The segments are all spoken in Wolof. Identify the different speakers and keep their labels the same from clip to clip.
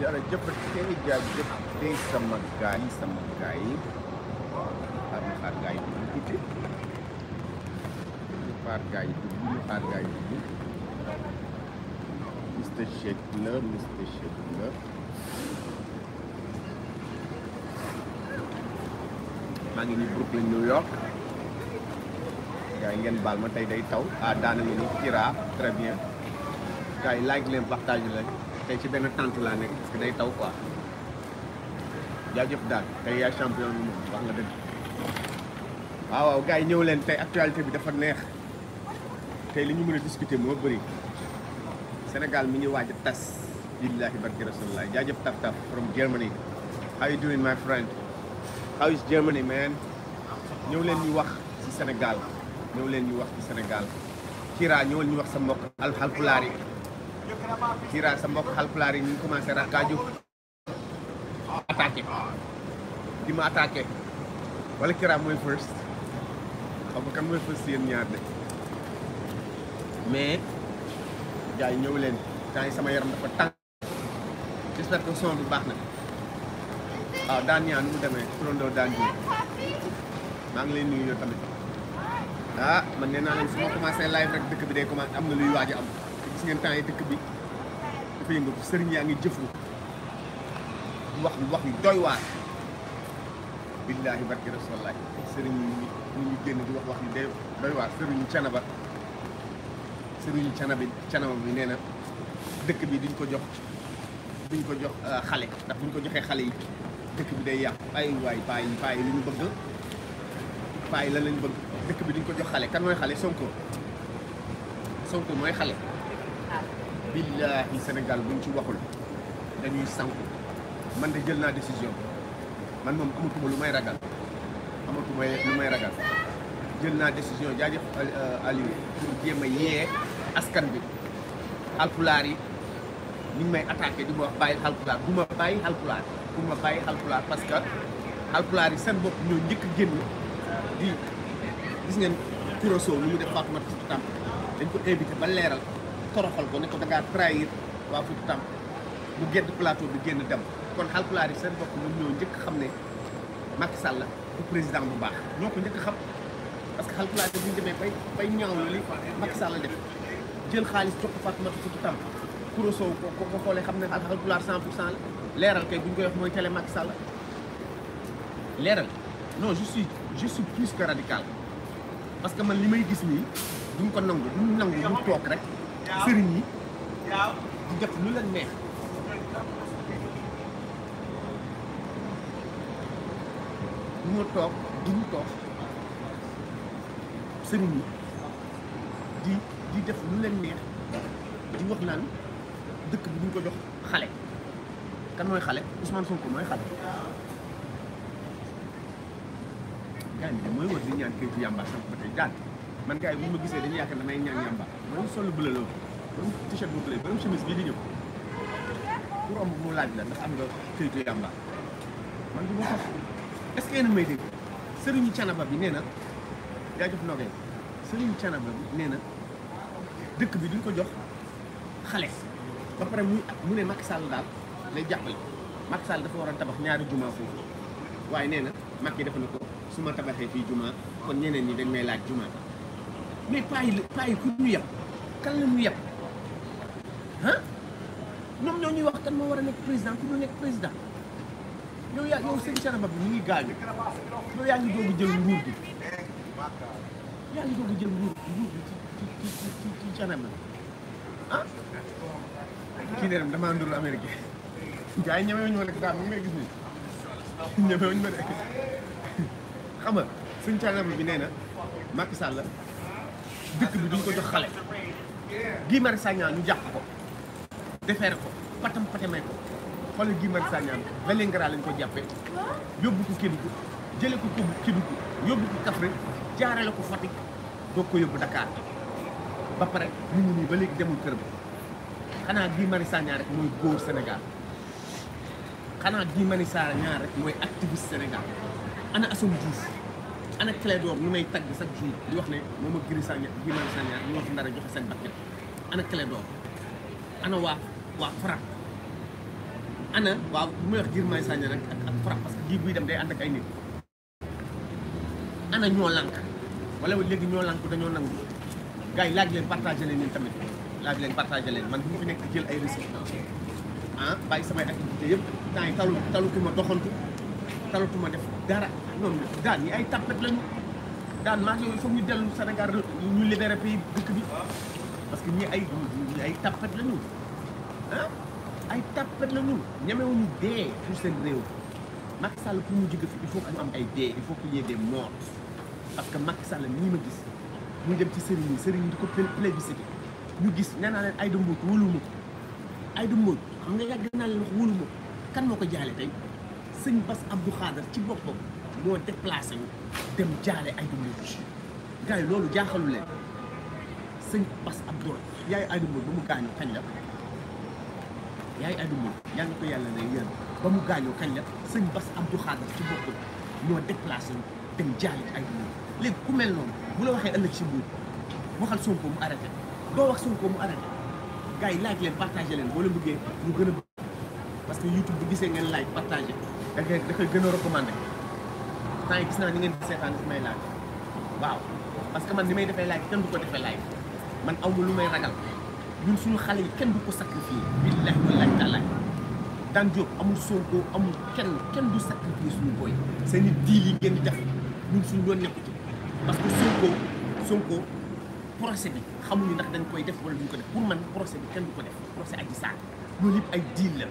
Speaker 1: jabbar cikin jajib dai sama gayi sama gayi har gayi kuti har gayi har gayi Mr. Shekler, Mr. Shekler. Brooklyn New York gars yi ngeen baal ma tey day Kira très bien lagi like tey ci benn tente laa nekk parce day taw quoi jaajëf ah. daal tey yaay champion bi moom wax nga dëgg waaw waaw gars yi ñëw leen tey actualité bi dafa neex tey li ñu mën a discuter moo bëri Sénégal mi ngi waaj a tas billahi barki rasulullah jaajëf taf taf from Germany how you doing my friend how is Germany man ñëw leen ñu wax ci Sénégal ñëw leen ñu wax ci Sénégal Kira ñëw leen ñu wax sa mbokk alxalpulaar yi kira sembok hal pelari ini ñu kaju atake di ma atake wala kira mooy first apa kamu kan first yéen ñaar de mais gars yi leen sama yaram dafa tàng j'espère que son bi na nu ah man nee naa live rek dëkk bi day commencé am na gis ngeen temps yi dëkk bi dafa yëngatu sëriñ yaa ngi jëfu wax wax yu doy waar billaahi barke rasulallah sëriñ ñu ñu génn di wax wax yu doy waar sëriñu canaba sëriñu canaba canaba bi nee na dëkk bi duñ ko jox duñ ko jox euh, xale ndax buñ ko joxee xale yi dëkk bi day yàqu ay waay paa yi paa ñu bëgg paa yi lañ bëgg dëkk bi duñ ko jox xale kan mooy xale sonko sonko mooy xale billaahi Sénégal buñ ci waxul dañuy sanku man de jël naa décision man moom amatuma lu may ragal amatuma lu may ragal jël naa décision jaajëf euh, Aliou pour jéem yee askan bi alpulaar yi ñu may attaqué di ma wax bàyyi alpulaar bu bàyyi alpulaar parce que alpulaar yi seen bopp ñoo njëkk génn di gis ngeen Kurosoo lu mu def Fatoumata Tampi dañ ko invité ba leeral toroxal ko ne ko da ngaa trahir waa Fouta Tamp mu gedd plateau bi génn dem kon Haalpulaar yi seen bopp ñoom ñoo njëkk xam ne Macky Sall du président bu baax ñoo ko njëkk xam parce que Haalpulaar yi bu ñu demee bay bay ñaawlu li Macky Sall def jël xaalis jox ko Fatoumata Fouta Tamp Kouro ko ko xoolee xam ne Haalpulaar 100 pour cent la leeral kay bu ñu koy mooy télé Macky Sall leeral non je suis je suis plus parce que man li may gis nii duñ ko nangu duñ nangu mu sëriñ yi di def lu leen neex ñu toog du toog sëriñ yi di di def lu leen neex di wax naan dëkk bi duñ ko jox xale kan mooy xale Ousmane Sonko mooy xale gaan mooy war di ñaan kay ci yàmba sax ba tey gaan man gars yi bu ma gisee dañuy yaakaar damay ñaan yàmba borom sol bu la loolu borom t-shirt bu bleu borom chemise bi di ñëw pour am mu laaj la ndax am nga këyitu yàmba man du ma fas est ce que yéen a may dégg sëriñu canaba bi neena ya yaa jox nogee sëriñu canaba bi neena na dëkk bi duñ ko jox xalé ba pare muy mu ne Macky Sall dal lay jappal Macky Sall dafa war tabax ñaari juma foofu waye neena na Macky dafa ne ko suma tabaxé fi juma kon ñeneen ni dañ may laaj juma mais paa yi paa yi ku ñu yab kan la ñu yab ah ñoom ñoo ñuy wax kan moo war a nekk président ku ñu nekk président yow yaa yow seen caraba bi ñu ngi gaañu yow yaa ngi doog a jël nguur gi yaa ngi doog jël nguur nguur gi ci ci ci ci caraba ah. kii nee na damaa ndurul Amérique gars ñu ma rek mi ngi may gis nii ñeme wu ñu ma rek xam nga suñu caraba bi nee Macky Sall. dëkk bi duñ ko jox xale Guy Marius Sagna ñu jàpp ko defeere ko patam patamee ko xoolal Guy Marius Sagna Vélingara lañ ko jàppee yóbbu ko Kédougou jële ko ko Kédougou yóbbu ko Kaffrine jaarale ko Fatick doog ko yóbbu Dakar ba pare ñu ngi nii ba léegi demul kër bi xanaa Guy Marius Sagna rek mooy góor Sénégal xanaa Guy Marius Sagna rek mooy activiste Sénégal ana Assome Diouf ana Clédor mi may tagg chaque jour di wax ne moom ak Guy Marius Sagna ñoo fi nar a joxe seen bakkan ana Clédor ana waa waa FRAPP ana waaw bu may wax Guy Marius rek ak ak parce que gii buy dem day ànd ak ay nit ana ñoo lànk wala léegi ñoo lànk dañoo nangu gars laaj leen partagé leen ñun tamit laaj leen partagé leen man bu ma nekk jël ay risques ah bàyyi samay activité yëpp temps yi talu doxantu talutuma def dara ñoom daan ñi ay tapet lañu daan maag yooyu foog ñu dellu Sénégal ñu libéré pays dëkk bi parce que ñi ay ñi ay tapet lañu ah ay tapet lañu ñemewuñu dee pour seen réew Macky Sall pour mu jóge fi il faut que am ay dee il faut qu'il y ait des morts parce que Macky Sall nii ma gis muy dem ci sëriñ yi sëriñ yi di ko plébiscité ñu gis nee naa leen Aïda Mbodj wóoluma Aïda Mbodj xam nga yàgg naa leen wax wóoluma kan moo ko jaale tey sëñ Bass Abdou Khadre ci boppam moo déplacé wu dem jaale ay dugub la gars yi loolu sëñ Bas Abdoul yaay Ayda Mbow ba mu gaañoo kañ la yaay Ayda yaa ngi ko yàlla ne yéen ba mu gaañoo kañ la sëñ Bas Abdoul Khadre ci boppam ñoo déplacé wu dem jaale ay dugub léegi ku mel noonu bu la waxee ëllëg si mbuur waxal Sonko mu arrêté doo wax Sonko mu arrêté gars laaj leen partagé leen boo leen bëggee ñu gën a parce que YouTube bu gisee ngeen laaj partagé da dafay gën a recommandé. temps yi gis naa ni ngeen di seetaan su may laaj waaw parce que man ni may defee laaj kenn du ko defee laaj man aw ma lu may ragal ñun suñu xale yi kenn du ko sacrifier fii wallahi taala daan Diop amul Sonko amul kenn kenn du suñu booy seen i diil yi ngeen di def ñun suñu doon nekku ci parce que Sonko Sonko procès bi xamuñu ndax dañ koy def wala duñ ko def pour man procès bi kenn du ko def procès aji saak loolu yëpp ay diil la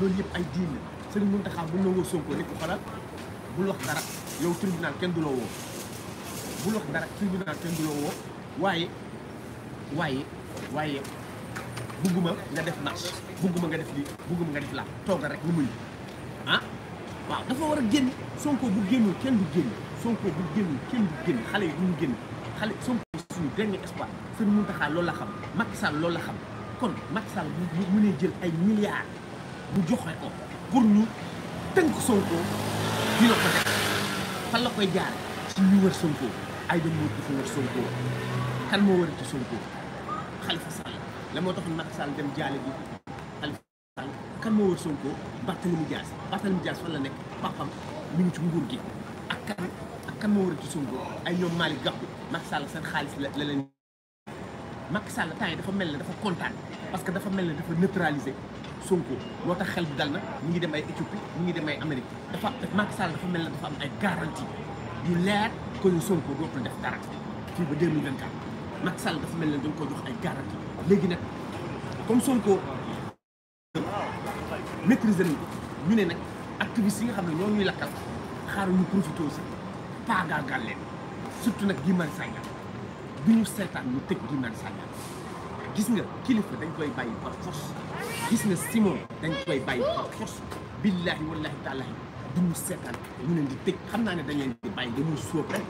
Speaker 1: loolu yëpp ay diil la Serigne Mountakha bu nangoo Sonko ne ko xolal yow tribunal kenn du la woo bul wax dara tribunal kenn du la woo waaye waaye waaye bugguma nga def marche bugguma nga def lii bugguma nga def laa toogal rek lu muy ah waaw dafa war a génn Sonko bu génnul kenn du génn Sonko bu génnul kenn du génn xale yi duñu génn xale Sonko suñu dernier espoir seen Mountakha loolu la xam Macky Sall lool la xam kon Macky Sall bu mënee jël ay milliards mu joxe ko pour ñu tënk Sonko dina ko def fan la koy jaar ci ñu wër Sonko ay dem moo dafa wër Sonko kan moo wër ci Sonko Khalifa Sall la moo tax Macky dem jaale bi Khalifa Sall kan moo wër Sonko Barthélemy Dias Barthélemy Dias fan la nekk papam mi ngi ci nguur gi ak kan ak kan moo wër ci Sonko ay ñoom Malick Gakou Macky Sall seen xaalis la la leen Macky Sall temps yi dafa mel ne dafa kontaan parce que dafa mel ne dafa neutraliser Sonko loo tax xel bi dal na mu ngi dem ay Éthiopie mu ngi dem ay Amérique dafa Macky Sall dafa mel ne dafa am ay garantie yu leer que ni Sonko dootul def dara fii ba 2024 Macky Sall dafa mel ne dañ ko jox ay garantie léegi nag comme Sonko maîtriser nañ ko ñu ne nag activiste yi nga xam ne ñoo ñuy lakkal xaaral ñu profité si paagaagal leen surtout nag Guy Marius Sagna bi ñu seetaan ñu tëj Guy Marius gis nga kilifa dañ koy bàyyi par force gis na Simon dañ koy bàyyi force billahi wallahi taalahi duñu setan ñu leen di tëj xam naa ne dañ leen di bàyyi dañuy sóob rek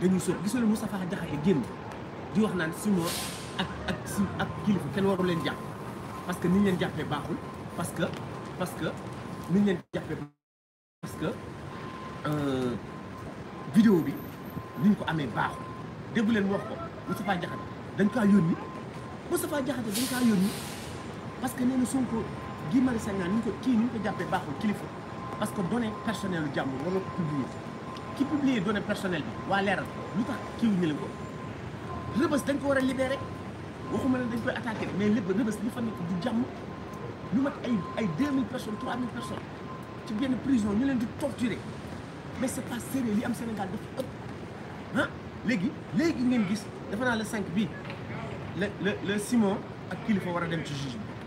Speaker 1: dañuy sóob gisal Moustapha Diakhaté génn di wax naan Simon ak ak si ak kilifa kenn waru leen japp parce que ni ñu leen jàppee baaxul parce que parce que ni ñu leen jàppee parce que euh vidéo bi ni ñu ko amé baaxul déggu leen wax ko Moustapha Diakhaté dañ ko yónni Moustapha Diakhaté dañ ko yónni parce que nous sommes Sonko Guy Marius Sagna nous qui nous parce que les données personnelles sont publiées. Qui ne publier Qui données personnelles Wa waa leeral nous qui Nous libéré waxuma ne mais les nous du personnes trois mille personnes prison ñu leen di torturer mais c'est pas sérieux Sénégal Maintenant, vous voyez, le 5 bi, le le le Simon ak qui war faut dem un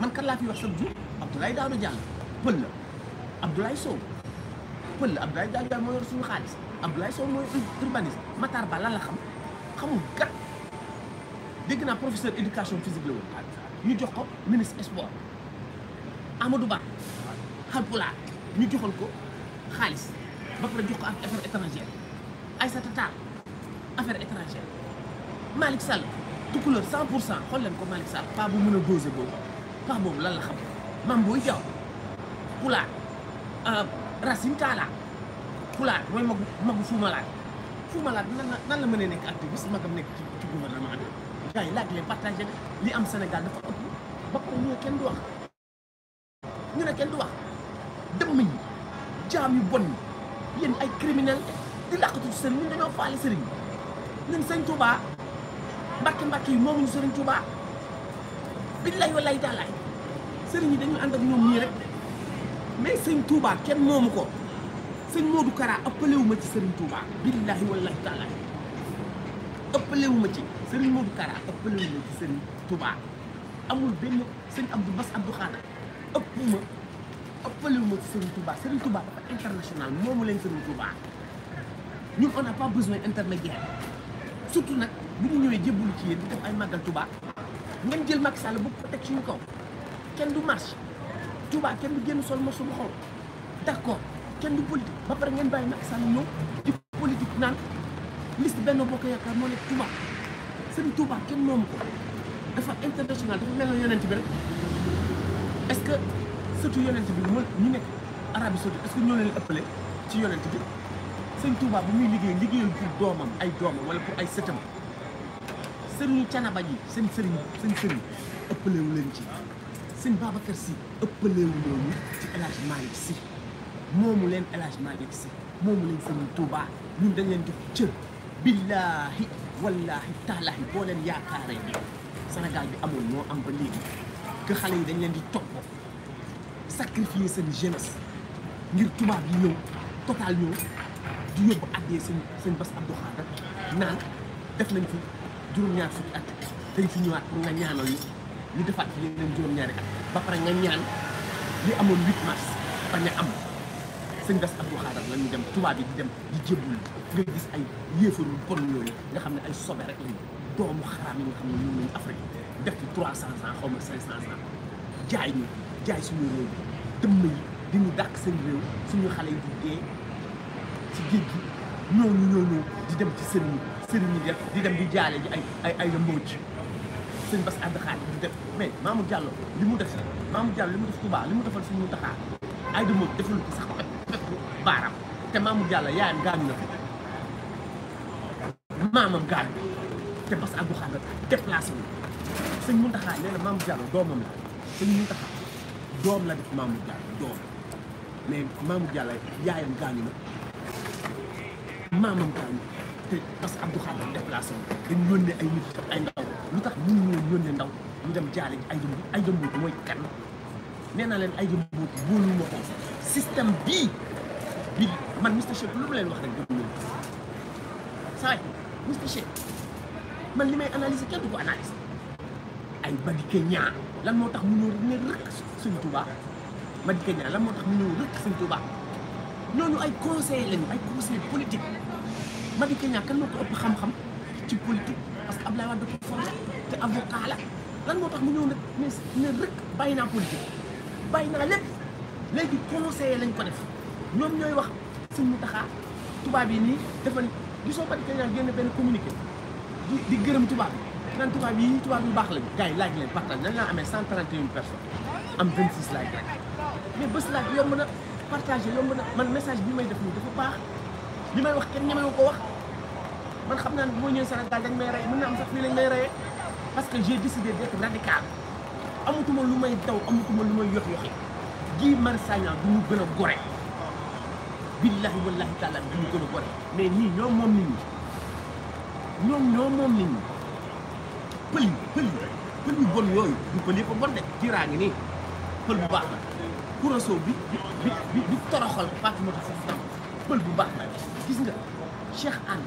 Speaker 1: man kan laa fi wax chaque jour Abdoulaye Daouda Diallo pël la Abdoulaye Sow pël la Abdoulaye Daouda Diallo xaalis Abdoulaye Sow mooy urbaniste Matar Ba lan la xam xamul gat dégg naa professeur éducation physique la woon ñu jox ko ministre sport Amadou Ba Halpulaar ñu joxal ko xaalis ba pare jox ko ak affaire étrangère Aïssata Tall affaire étrangère Malick Sall tukulóor 100 pour cent xool leen ko Malick Sall pas bu mën a doser max boobu lan la xam mam booy jaw pulaar eh, Racine Talla pulaar mooy magu magu fuumalaat fuumalaat nan la nan la mën a nekk activiste magam nekk ci ci gouvernement bi gars yi laaj leen partagé li am Sénégal dafa ëpp ba ko ñu ne kenn du wax ñu ne kenn du wax dëmm yi jaam yu bon yi yéen ay criminel di làqatu sëriñ ñun dañoo faale sëriñ ñun sëñ Touba mbàkki mbàkki yi moomuñu sëriñ Touba billahi wallahi taalaay sëriñ yi dañu ànd ak ñoom nii rek mais sëñ Touba kenn moomu ko sëñ Modou Kara ëppale wu ma ci sëriñ Touba. billahi wallahi taala ëppale wu ma ci sëriñ Modou Kara ëppale wu ma amul benn sëñ Abdou Bass Abdou Khadre ëpp ma ëppale wu ma ci sëriñ Touba sëriñ Touba dafa international moomu leen sëriñ Touba ñun on n'a pas besoin intermédiaire nag bu ñu ñëwee jébbalu ci yéen di def ay màggal Touba ngeen jël Macky Sall bu ko teg suñu kaw. kenn du marche Touba kenn du génn sol morceau bu xonq d'accord kenn du politique ba pare ngeen bàyyi Macky Sall ñëw di politique naan liste Benno Bokk Yaakaar moo nekk Touba seen Touba kenn moomu ko dafa international dafa mel ne yonent bi rek est-ce que surtout yonent bi mooy ñu nekk Arabie Saoudite est que ñoo leen ëppale ci yonent bi sëñ Touba bu muy liggéey liggéeyal pour doomam ay doomam wala pour ay sëtam sëriñu canaba ji seen sëriñ seen sëriñ ëppalewu leen ci sëñ Babacar si ëppaleewu loolu ci El Hadj Malick si moomu leen El Hadj Malick si moomu leen sëñ Touba ñun dañ leen jox cër billaahi wallaahi taalaahi boo leen yaakaaree ni Sénégal bi amoon moo am ba léegi que xale yi dañ leen di topp sacrifier seen jeunesse ngir tubaab yi ñëw total ñëw di yóbbu àddee seen seen bas Abdou Khadre naan def nañ fi juróom-ñaar fukki at dañ fi ñëwaat pour nga ñaanal yi ñu defaat fi yeneen juróom-ñaari at ba pare nga ñaan li amoon 8 mars bañ a am sëñ Bass Abdou Khadre la ñu dem tubaab yi di dem di jébbul nga gis nga xam ne ay sobe rek lañu doomu xaraam yi nga xam ne ñun def ci 300 ans xaw ma 500 ans jaay ñu jaay suñu réew dëmm yi di ñu dàq seen réew suñu xale yi di dee ci géej gi ñooñu ñooñu di dem ci sëriñ sëriñ yi di dem di jaale ji ay ay ay sëñ Bass Abdou Khadre de def mais li mu def Mamour Diallo li mu def Touba li de moom defal ko sax ko baaram te Mamour Diallo yaayam gaañu na ko maamam gaañu te Bass Abdou Khadre déplacé wu sëñ Mountakha nee na Mamour Diallo la sëñ Mountakha doom la def Mamour Diallo doom ay nit ay ndaw lu tax ñu ngi leen yónnee ndaw mu dem jaale ji Aïda Mbodj Aïda Mbodj mooy kan nee naa leen Aïda Mbodj wóolu ma ko système bii bi man Mister Shake lu ma leen wax rek déglu leen saa yi Mister Shake man li may analyser kenn du ko analyser ay Madické Niang lan moo tax mu ñëw ne rëkk Sëñ Tuubaa Madické Niang lan moo tax mu ñëw rëkk Sëñ Tuubaa ñooñu ay conseil lañu ay conseil politique Madické Niang kan moo ko xam-xam ci politique. parce que Abdoulaye Wade dafa fondé te la lan moo tax mu ñëw nag ne ne rek bàyyi naa politique bàyyi naa lépp léegi conseiller lañ ko def ñoom ñooy wax suñ mu taxaa tubaab yi nii dafa gisoo bari ka ñaan génn benn communiqué di gërëm tubaab yi naan tubaab yi ñu tubaab yu baax lañu gars yi laaj leen partage nan laa amee 131 personnes am 26 laaj rek mais bés laaj yomb na partagé yomb na man message bi may def nii dafa baax li may wax kenn ñemewu ko wax man xam naa ne bu ma ñëwee Sénégal dañ may rey mën na am sax fii lañ may reyee parce que j'ai décidé d'être radical amatuma lu may daw amatuma lu may yox yoxi Guy Marius Sagna du gën a gore billahi wallahi taala du mu gën a gore mais nii ñoom ñi ñoom ñoom moom pël pël pël bon yooyu du pël yëpp a bon de jiraa ngi nii bu baax la Curaçao bi bi bi toroxal Fatoumata Fofana pël bu baax la gis nga Cheikh Anne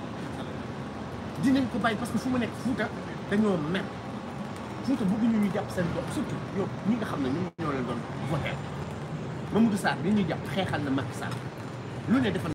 Speaker 1: dinañ ko bàyyi parce que fu mu nekk Fouta dañoo mer Fouta bëgguñu ñu jàpp seen bopp surtout yow ñi nga xam ne ñu ñun ñoo leen doon voté Mamadou Sarr li ñuy jàpp xeexal na Macky Sall lu ne defal